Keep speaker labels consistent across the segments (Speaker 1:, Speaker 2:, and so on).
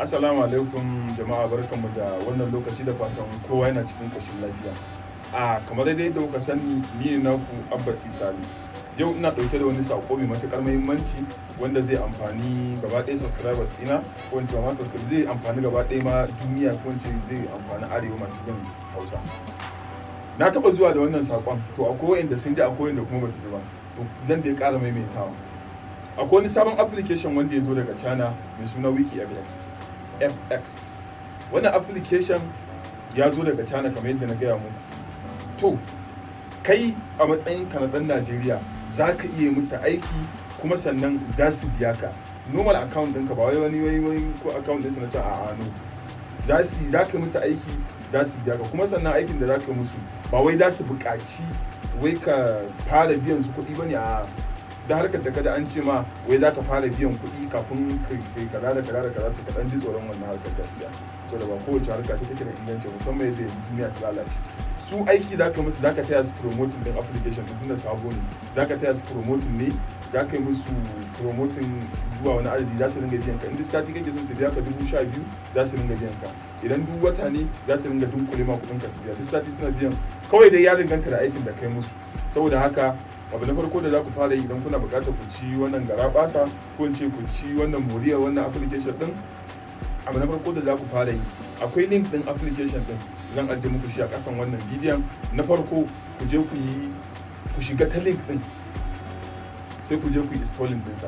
Speaker 1: Assalamu alaikum jama'a barkanmu da wannan lokaci da fatan kowa yana cikin ƙoshin lafiya. A kamar dai da kuka sani ni ne naku Abba Sisali. Yau ina ɗauke da wani sako mai matakar muhimmanci wanda zai amfani gaba ɗaya subscribers ina ko in ma subscribe zai amfani gaba ɗaya ma duniya ko in zai amfani arewa masu jin Hausa. Na taɓa zuwa da wannan sakon to akwai wa'inda sun ji akwai wa'inda kuma ba su ji ba. To zan dai ƙara maimaitawa. Akwai wani sabon application wanda ya zo daga China mai suna fx. fx wani application ya zo daga china kamar yadda na gaya muku to kai a matsayin ka na dan najeriya za ka iya musu aiki kuma sannan za su biya ka normal account ɗinka ba wai wani wani ko account ɗinsa na can a ano za su za ka musu aiki za su biya ka kuma sannan aikin da za ka musu ba wai za su buƙaci wai ka fara biyan su kuɗi ba ne a da harkar da kada an ce ma wai za ka fara biyan kuɗi kafin kai kaza da kaza da kaza ta kaɗan ji tsoron wannan harkar gaskiya saboda ba kowace harka ta take da inganci musamman yadda duniya ta lalace su aiki za ka musu za ka taya su promoting din application din tunda sabo ne za ka taya su promoting ne za ka yi musu promoting zuwa wani adadi za su ringa biyan ka in duk sati kake son su biya ka dubu sha biyu za su ringa biyan ka idan duk wata ne za su ringa dunkule ma kuɗin ka su biya duk sati suna biyan kawai dai ya danganta da aikin da kai musu saboda haka abu na farko da za ku fara yi idan kuna buƙatar ku ci wannan basa ko in ce ku ci wannan moriya wannan application din abu na farko da za ku fara yi akwai link din application din zan ajiye muku shi a ƙasan wannan bidiyon na farko ku je ku yi ku shiga ta link din sai ku je ku yi installing dinsa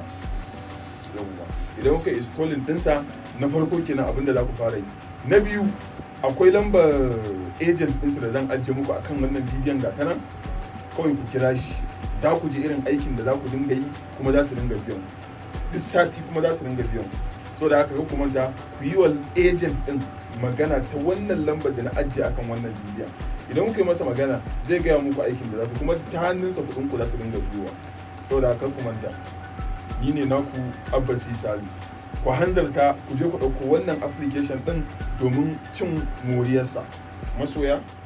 Speaker 1: yawwa idan kuka installing dinsa na farko kenan abin da za ku fara yi na biyu akwai lambar agent ɗinsa da zan ajiye muku akan wannan bidiyon ga ta nan kawai ku kira shi za ku je irin aikin da za ku dinga yi kuma za su dinga biyan duk sati kuma za su dinga biyan so da haka ku da ku yi wa agent din magana ta wannan lambar da na ajiye akan wannan bidiyon idan kuka yi masa magana zai gaya muku aikin da za ku kuma ta hannunsa kuɗin ku za su dinga biyowa so da haka ku manta ni ne naku abbasi sali ku hanzarta ku je ku ɗauko wannan application ɗin domin cin moriyarsa masoya